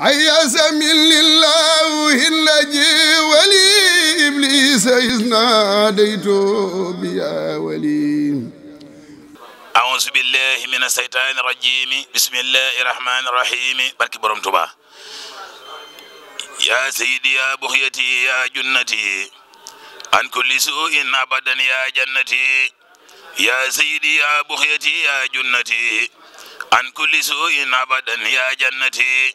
عيسى من لله الذي ولي إبليس إذ ناديته بيا ولي أعوذ بالله من الشيطان الرجيم بسم الله الرحمن الرحيم برك برم توبا يا سيدي يا بغيتي يا جنتي عن كل سوء أبدا يا جنتي يا سيدي يا بغيتي يا جنتي عن كل سوء أبدا يا جنتي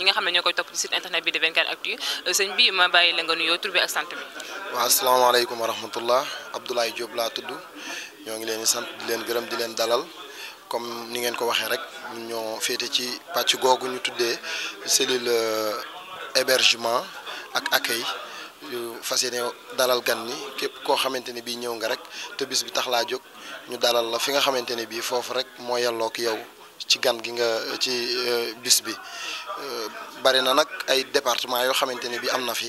ñi nga xam ne ñoo koy topp ci site internet bi de 24 actu euh, sëñ bi ma bàyyi la nga nuyoo tur bi ak sant bi. waaw asalaamaaleykum wa rahmatullah Abdoulaye Diop laa tudd ñoo ngi leen di sant di leen gërëm di leen dalal comme ni ngeen ko waxee rek mu ñoo féete ci pàcc googu ñu tuddee cellule euh, hébergement ak accueil. yu fas yéene dalal gan ni képp koo xamante ne bii ñëw nga rek te bis bi tax laa jóg ñu dalal la fi nga xamante ne bii foofu rek moo yelloo ak yow ci gan gi nga ci euh, bis bi Euh, bari na nag ay département yoo xamante ne bi am na fi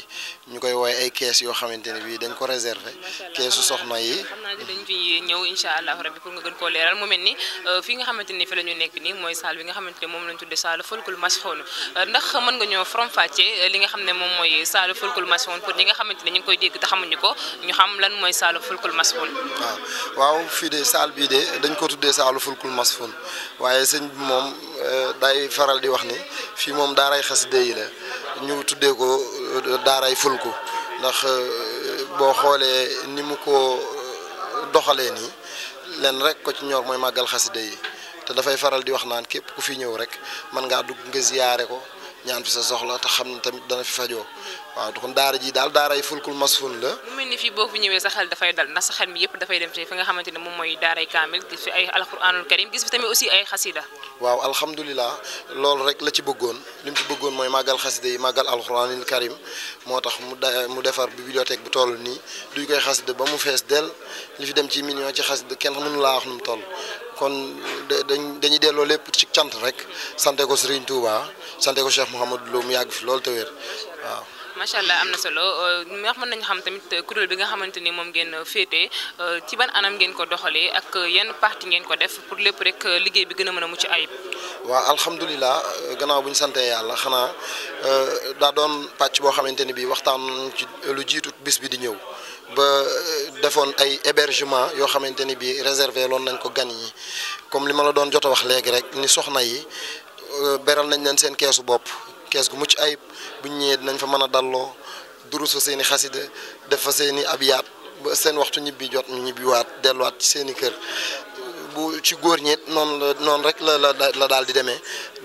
ñu koy woowee ay kees yoo xamante ne bi dañ ko réserver keesu soxna yi xam dañ fi ñëw incha allah rabbi pour nga gën koo leeral mu mel ni euh, fii nga xamante ni fi la nekk nii mooy salle bi nga xamante ne moom lañ tudde salle fulkul masxoon euh, ndax mën nga ñoo from fàcce li nga xam ne moom mooy salle fulkul masxoon pour ñi nga xamante ne ñu ngi koy dégg te xamuñu ko ñu xam lan mooy salle fulkul masxoon waaw waaw fii de salle bii de dañ ko tuddee salle fulkul masxoon waaye sëñ bi moom day faral di wax ni moom daaray xas yi la ñu tuddee ko euh, daaray ko ndax euh, boo xoolee ni mu ko euh, doxalee nii leen rek ko ci ñor mooy màggal xasida yi te dafay faral di wax naan képp ku fi ñëw rek mën ngaa dugg nga ziyaare ko ñaan fi sa soxla te xam ne tamit dana fi fajoo waaw kon daara ji daal daara yi fulkul masfun la mu mel ni fii boo fi ñëwee sa xel dafay dal ndax sa xel mi yëpp dafay dem fi nga xamante ne moom mooy daaray kaamil gis fi ay alquranul karim gis fi tamit aussi ay xasida la ci bëggoon li mu ci bëggoon mooy màggal xasida yi màggal alquranul karim moo tax mu mu defar bibliothèque bu toll nii duñ koy xasida ba mu fees dell li fi dem ci million ci xasida kenn mënu laa wax nu mu toll kon dañ dañuy delloo lépp ci cant rek sante ko Serigne Touba sante ko Cheikh Mouhamadou Lo mu yàgg fi loolu te waaw. macha allah am na solo euh, wax mën nañu xam tamit kuréel bi nga xamante ni moom ngeen féete euh, ci ban anam ngeen ko doxalee ak yan parti ngeen ko def pour lépp rek liggéey bi gën a mën a mucc ayib. waa alhamdulilah gannaaw bu ñu santee yàlla xanaa euh, daa doon pàcc boo xamante ni bii waxtaan ci lu jiitu bis bi di ñëw. ba euh, defoon ay hébergement yoo xamante ni bii réservé loon nañ ko gan yi comme li ma la doon jot a wax léegi rek ni soxna yi euh, beral nañ leen seen keesu bopp kees gu mucc ayib bu ñu ñëwee dinañ fa mën a dalloo durus fa seen i xasida def fa seen i abiyaat seen waxtu ñibbi jot ñu ñibbiwaat delluwaat ci seen i kër. bu ci góor ñi noonu noonu rek la la la daal di demee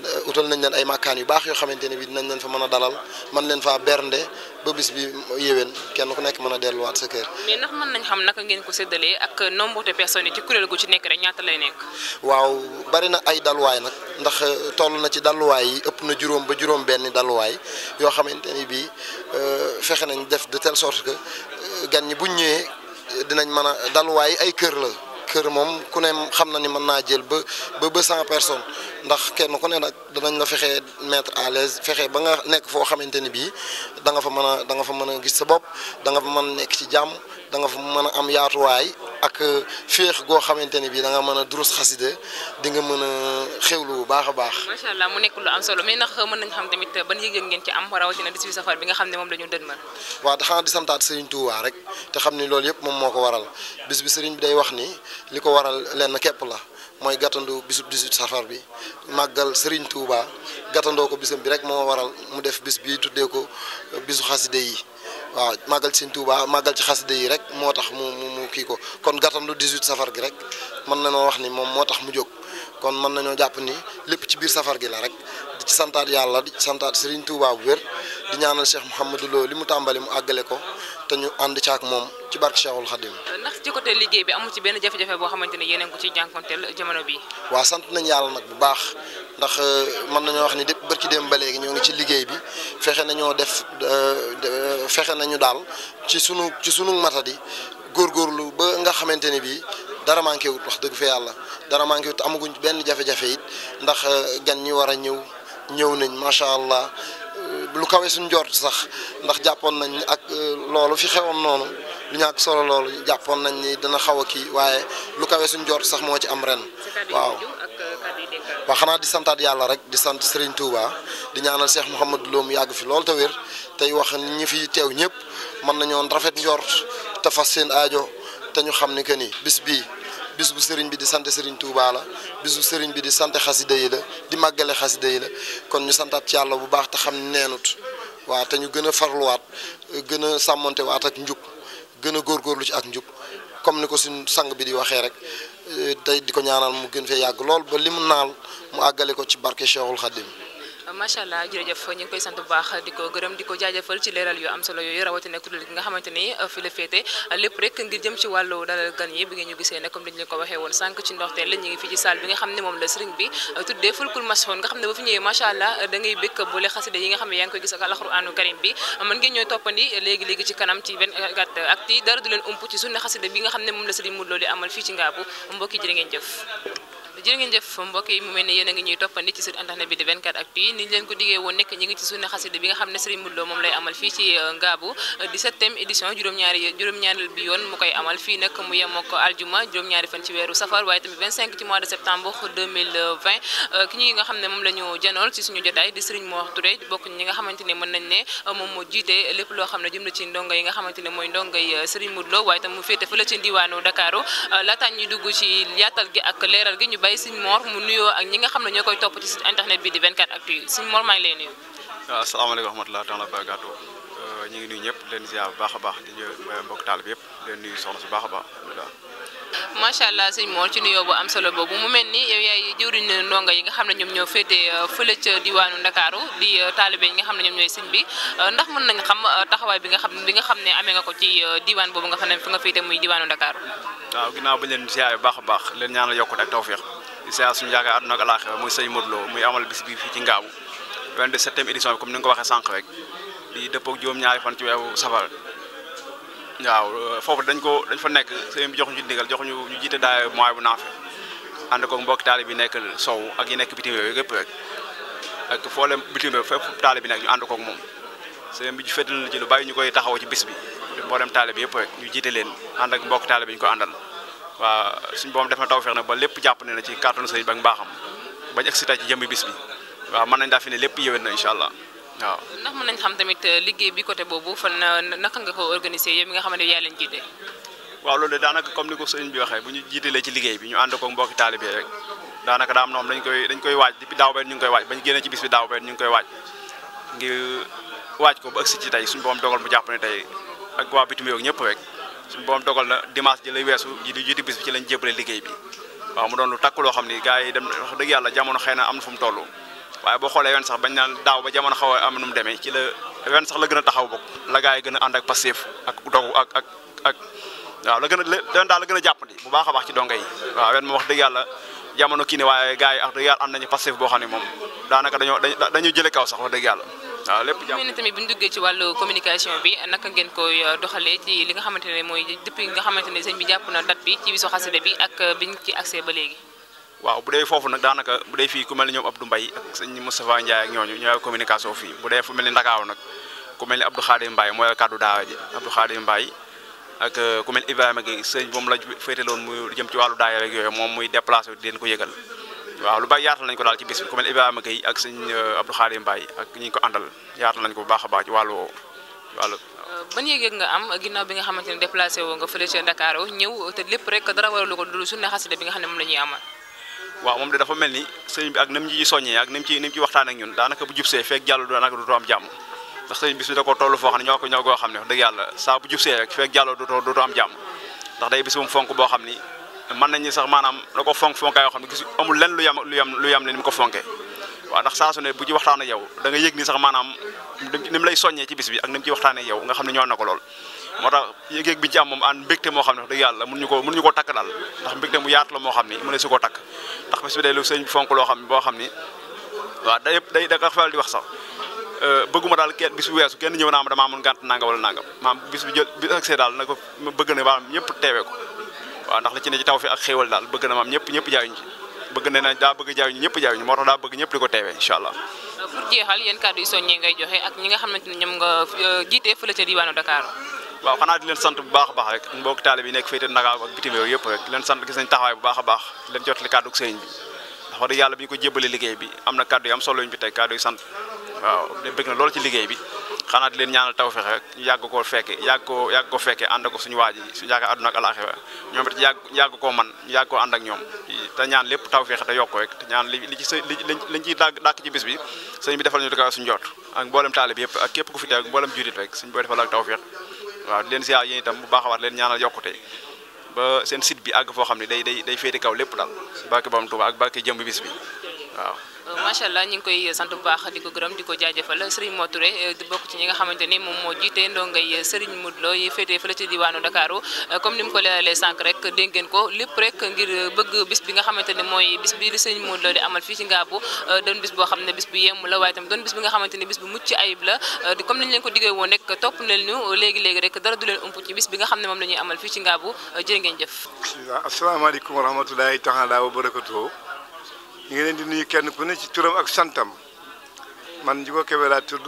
euh, utal nañ leen ay makkaan yu baax yoo xamante ne bii dinañ leen fa mën a dalal man leen faa bernde ba bis bi yéwén kenn ku nekk mën a delluwaat sa kër. mais ndax mën nañ xam naka ngeen ko séddalee ak nombre de personnes yi ci kuréel gu ci nekk rek ñaata lay nekk. waaw bari na ay dalluwaay nag ndax euh, toll na ci dalluwaay yi ëpp na juróom ba juróom benn dalluwaay yoo xamante ni bii euh, fexe nañ def de telle sorte que gan ñi buñ ñëwee dinañ mën a dalluwaay ay kër la. kër moom ku ne xam na ni mën naa jël ba ba ba cent personnes ndax kenn ku ne nag danañ la fexe mettre à l'aise fexe ba nga nekk foo xamante ni bii da nga fa mën a da nga fa mën a gis sa bopp da fa mën a nekk ci jàmm danga nga fa mën a am yaatuwaay ak euh, féex goo xamante ni bii da nga mën a durus xasida di nga mën a xewlu bu baax a baax. macha allah mu nekk lu am solo mais ndax euh, mën nañu xam tamit euh, ban yëg-yëg ngeen ci am rawatina 18 safar bi nga xam ne moom la ñu dënmal. waaw xanaa di santaat Serigne Touba rek te xam ni loolu yëpp moom moo ko waral bis bi sëriñ bi day wax ni li ko waral lenn képp la. mooy gàttandu bisub 18 safar bi màggal sëriñ Touba gàttandoo ko bisam bi rek moo waral mu def bis bi tuddee ko bisu xaside yi waaw màggal ci Sëñ Tuubaa màggal ci xasida yi rek moo tax mu mu kii ko kon gàttandu 18 safar gi rek mën ñoo wax ni moom moo tax mu jóg kon mën nañoo jàpp ni lépp ci biir safar gi la rek ci santaat yàlla di santaat Serigne Touba bu wér di ñaanal Cheikh Mouhamadou Lo li mu tàmbali mu àggale ko te ñu ànd ci ak moom ci barke Cheikhul Khadim. ndax ci côté liggéey bi amu ci benn jafe-jafe boo xamante ne yéen a ngi ko ciy jamono bi waaw sant nañ yàlla nag bu baax ndax euh, mën nañoo wax ni dépp bër ci dem ba léegi ñoo ngi ci liggéey bi fexe nañoo def euh, fexe nañu daal ci sunu ci sunu matadi góorlu ba nga xamante ni bii dara manqué wut wax dëgg fa yàlla dara manqué wut amaguñ benn jafe-jafe it ndax euh, gan ñi war a ñëw. ñëw nañ macha allah lu kawe suñ njort sax ndax jàppoon nañ ak euh, loolu fi xewoon noonu lu ñàkk solo loolu jàppoon nañ ni dana xaw a kii waaye lu kawee suñ njort sax moo ci am ren waaw euh, waaw xanaa di santaat yàlla rek di sant Serigne Touba di ñaanal Cheikh Mouhamadou Lo mu yàgg fi lool te wér tey wax ñi fi teew ñëpp mën nañoon rafet njort te fas seen aajo te ñu xam ni que ni bis bii bis bu sëriñ bi di sant sëriñ Touba la bis bu sëriñ bi di sant xasi day la di màggale xasi day la kon ñu santaat ci yàlla bu baax te xam neenut waa te ñu gën a farluwaat gën a sàmmante waat ak njub gën a góorlu ci ak njub comme ni ko suñ sang bi di waxee rek eh, tey di ko ñaanal mu gën fee yàgg lool ba li mu naal mu àggale ko ci barke Cheikhul Khadim macha allah jërëjëf ñu ngi koy sant baax di ko gërëm di ko jaajëfal ci leeral yu am solo yooyu rawatina kuréel gi nga xamante ni uh, fi waxee woon sànq ci ndoxteel ñu ngi fii ci salle bi nga xam ne moom la sëriñ bi uh, tuddee fulkul mashoon nga xam ne ba ci uh, nga xam moom la sëriñ Modou Lo di mbokki jërë ngeen jëf jërë ngeen a ngi ñuy toppandi ci site internet bi di 24 actu xam ne Serigne Modou Lo moom euh, euh, juróom-ñaari fan ci weeru safar waaye tamit 25 ci mois de septembre euh, ki ñi nga xam ne moom la janool ci suñu jotaay di Serigne Mor Touré bokk ñi nga xamante mën nañ ne moom moo jiite lépp loo xam ne jëm ci ndongo yi nga xamante mooy ndongo yi Serigne Modou waaye tam mu féete fa la ci diwaanu Dakar laataan ñuy dugg ci yaatal gi ak leeral gi bàyyi siñ Mor mu nuyoo ak ñi nga xam ne ñoo koy topp ci site internet bi di 24 actu yi sëñ Mor maa ngi lay nuyu. waaw asalaamaaleykum euh, ñu ngi nuyu ñëpp di leen bu baax a baax di euh, yëpp di leen nuyu soxna baax macha allah sëñ Mor ci nuyoo bu am solo boobu mu mel ni yow yaay jëwriñ ndongo yi nga xam ne ñoom ñoo féetee euh, fële ca diwaanu Ndakaaru di taalibe yi nga xam ne ñoom ñooy sëñ bi ndax mën nañ xam taxawaay bi nga xam bi nga xam ne amee nga ko ci diwaan boobu nga xam ne fi nga féetee muy diwaanu Ndakaaru waaw ginnaaw ba leen ziar bu baax a baax leen ñaanal yokkute ak tawfeex di seeyal suñu yaakaar àdduna ak alaaxira muy sëñ Modou muy amal bis bi fii ci Ngaabu 27e édition bi comme ni nga ko waxee sànq rek di dëppoog juróom-ñaari fan ci weeru safar waaw foofu dañ ko dañ fa nekk sëñ bi joxuñu ndigal joxuñu ñu jiite daay mooy bu naafe ànd ko mbokki taali bi nekk sow ak yi nekk bitim réew yëpp rek ak foo leen bitim réew fépp taali bi nekk ñu ànd koog moom sëñ bi féetal na ci lu bàyyi ñu koy taxaw ci bis bi mboolem taali bi yëpp rek ñu jiite leen ànd ak mbokki taali bi ñu ko àndal waaw suñ boom def na tawfeex na ba lépp jàpp ne na ci kàttanu sëriñ ba ak mbaaxam bañ excité ci jëmmi bis bi waaw mën nañ daa fi ne lépp yéwén na incha allah waaw. xam tamit euh, liggéey bi côté boobu fan euh, naka nga ko organisé yow mi nga xam ne yaa leen jiite. waaw loolu daanaka comme ni ko sëriñ bi waxee bu ñu jiitelee ci liggéey bi ñu ànd ko mbokki taalibe rek daanaka daa am noom dañ koy dañ koy waaj depuis daaw benn ñu ngi koy waaj bañ génnee ci bis bi daaw benn ñu ngi koy waaj ngi waaj ko ba agsi ci tey suñu boom dogal mu jàpp ne tey ak waa bitim réew ñëpp rek suñu boom dogal na dimanche ji lay weesu ji di jiitu bis bi ci lañ jébale liggéey bi waaw mu doon lu takk loo xam ni gars yi dem wax dëgg yàlla jamono xëy na am na mu toll waaye boo xoolee wen sax bañ naan daaw ba jamono xaw a am nu mu demee la wen sax a taxaw bokk la gars yi gën a ànd ak passif ak dogu la gën a gën a jàppandi bu baax a baax ci donga yi wax dëgg yàlla jamono kii ne waaye gars yi wax dëgg yàlla nañu passif boo xam ne moom daanaka dañoo dañu jële kaw sax wax dëgg yàlla waaw lépp jàmm mel ni tamit bu ñu duggee ci wàllu communication bi naka ngeen ko euh, doxalee ci li nga xamante ne mooy depuis nga xamante ne sëñ bi jàpp na date bi ci bisu xasida bi ak euh, biñ ci accès ba léegi waaw bu dee foofu nag daanaka bu dee fii ku mel ni ñoom Abdou Mbaye mbay sëñ Moustapha Ndiaye ak ñooñu ñooy communication fii bu dee fu mel ni Ndakaaru nag ku mel ni Abdou Khadim mooy kaddu daawa ji Abdou ak euh, ku mel Ibrahima gi sëñ moom la féetaloon muy jëm ci wàllu daaya yooyu moom muy déplacé di leen ko yëgal waaw lu bari yaatal nañ ko daal ci bis bi ku mel Ibrahima Gueye ak sëñ euh, Abdou Khadim Mbaye ak ñi ko àndal yaatal nañ ko baax a baax ci wàllu woowu wàllu euh, ban yéeg nga am ginnaaw bi nga xamante ne déplacé woo nga fële ca Dakar ñëw te lépp rek dara waralu ko dul suñu xasida bi nga xam ne moom la ñuy amal waaw moom de dafa mel ni sëñ bi ak nam ci soññee ak nam ci nam ñun daanaka bu jubsee fekk jàll daanaka du am jàmm ndax sëñ bis bi ne ñoo ko ñoo goo xam ne wax dëgg yàlla saa ndax day bis bu mu fonk boo xam ni mën nañu sax maanaam da ko fonk fonkaay yoo xam ne gis amul lenn lu yam lu yam lu yam ne mu ko fonkee waaw ndax saa su ne bu ci waxtaan ak yow da nga yëg sax maanaam ni mu lay soññee ci bis bi ak ni yow nga xam ne ñoo na ko lool moo tax yëg-yëg bi ñu moo xam ne wax yàlla mënuñu ko mënuñu koo takk daal ndax mbégte mu yaatu la moo xam ni mu ne su ko takk ndax bis bi day lu sëñ bi fonk loo xam ne boo xam ni waaw day day da nga faral di wax sax euh, bëgguma daal kenn bis bu weesu kenn ñëw naa ma damaa amoon gànt nanga wala nangam maam bis bi jël bi accès daal na ko ne na baam ñëpp teewee ko ndax la ci ne ci taw fi ak xéewal daal bëgg na maam ñëpp ñëpp jaayuñ ci bëgg na daa bëgg jaayuñ ñëpp jaayuñ moo tax daa bëgg ñëpp di ko teewee incha allah pour jeexal yéen kàddu ak ñi nga euh, a rek leen sant gis nañ taxawaay bu baax a baax leen jotali kàddu sëriñ bi ndax wax dëgg yàlla bi ñu ko jébalee liggéey bi am na kàddu yi solo ñu bi tey kàddu yi sant waaw bëgg na lool ci liggéey bi xanaa di leen ñaanal tawfeex rek ñu yàgg koo fekke yàgg koo ko fekke ànd ko suñu waa ji su yaakaar àdduna ak alaaxira ñoom it yàgg yàgg koo man ñu yàgg koo ak ñoom te ñaan lépp tawfeex te yokk rek ñaan li ci sa li liñ ciy dàkk ci bis bi sëñ bi defal ñu dakaw suñu jot ak mboolem taalib yëpp ak képp ku fi teew ak mboolem jurit rek suñu boo defal ak tawfeex waaw di leen ziar yéen itam bu baax a waat leen ñaanal yokkute ba seen sit bi àgg foo xam ne day day day féete kaw lépp daal barke borom Tuuba ak barke jëmb bis bi waaw Euh, macha allah ñu ngi koy sant bu baax di ko gërëm di ko jaajëfal Serigne Mor Touré euh, di bokk ci ñi nga xamante ni moom moo jiite ndongay euh, Serigne Modou Lo yi féetee fële ci diwaanu Dakaaru comme ni mu ko leeralee sànq rek dégg ko lépp rek ngir bëgg bis bi nga xamante ne mooy bis bi li Serigne Modou di amal fii ci Ngabou doon bis boo xam ne bis bu yemm la waaye tam doon bis bi nga xamante ni bis bu mucc ayib la di comme ni ñu leen ko diggee woon rek topp nañ ñu léegi nga xam ne moom la ñuy amal fii ci Ngabou jërë ngeen jëf asalaamaaleykum wa rahmatulahi taala wa barakatuh ñu ngi di nuyu kenn ku ne ci turam ak santam man Djigo Kébé laa tudd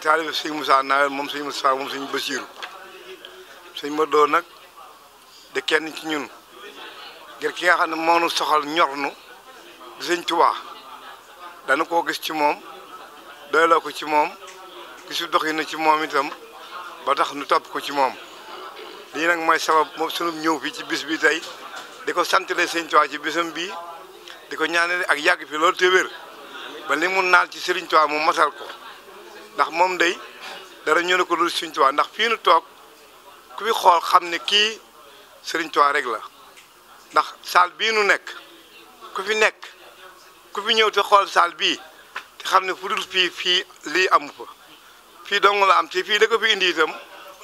taalibe sëñ Moussa Nawel moom sëñ saa moom sëñ Basiiru sëñ Modou nag de kenn ci ñun ngir ki nga xam ne moo nu soxal ñor nu di sëñ Tuubaa dana koo gis ci moom doyloo ko ci moom gisu doxinu ci moom itam ba tax nu topp ko ci moom lii nag mooy sabab moom sunu ñëw fii ci bis bi tey di ko santale sëñ Tuubaa ci bisam bii di ko ñaanale ak yàgg fi loolu te wér ba li mu naal ci Serigne Touba mu matal ko ndax moom day dara ñu ne ko dul Serigne Touba ndax fii nu toog ku fi xool xam ne kii sëriñ Touba rek la ndax saal bii nu nekk ku fi nekk ku fi ñëw te xool saal bii te xam ne fu dul fii fii lii amu fa fii dong la am te fii da ko fi indi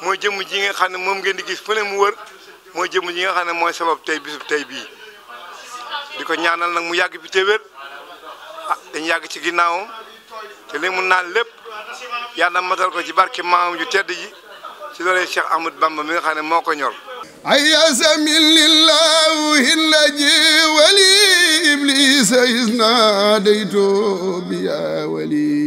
mooy jëmm ji nga xam ne moom ngeen di gis fu ne mu wër mooy jëm ji nga xam ne mooy sabab tey bisub tey bii di ko ñaanal nag mu yàgg fi te wér ah yàgg ci ginnaawam te li mu naan lépp yàlla matal ko ci barke maamam ju tedd ci loolee Cheikh Ahmad Bamba mi nga xam moo ko ñor ayyasamin lillahi naji wali iblisa is na dayto bi ya wali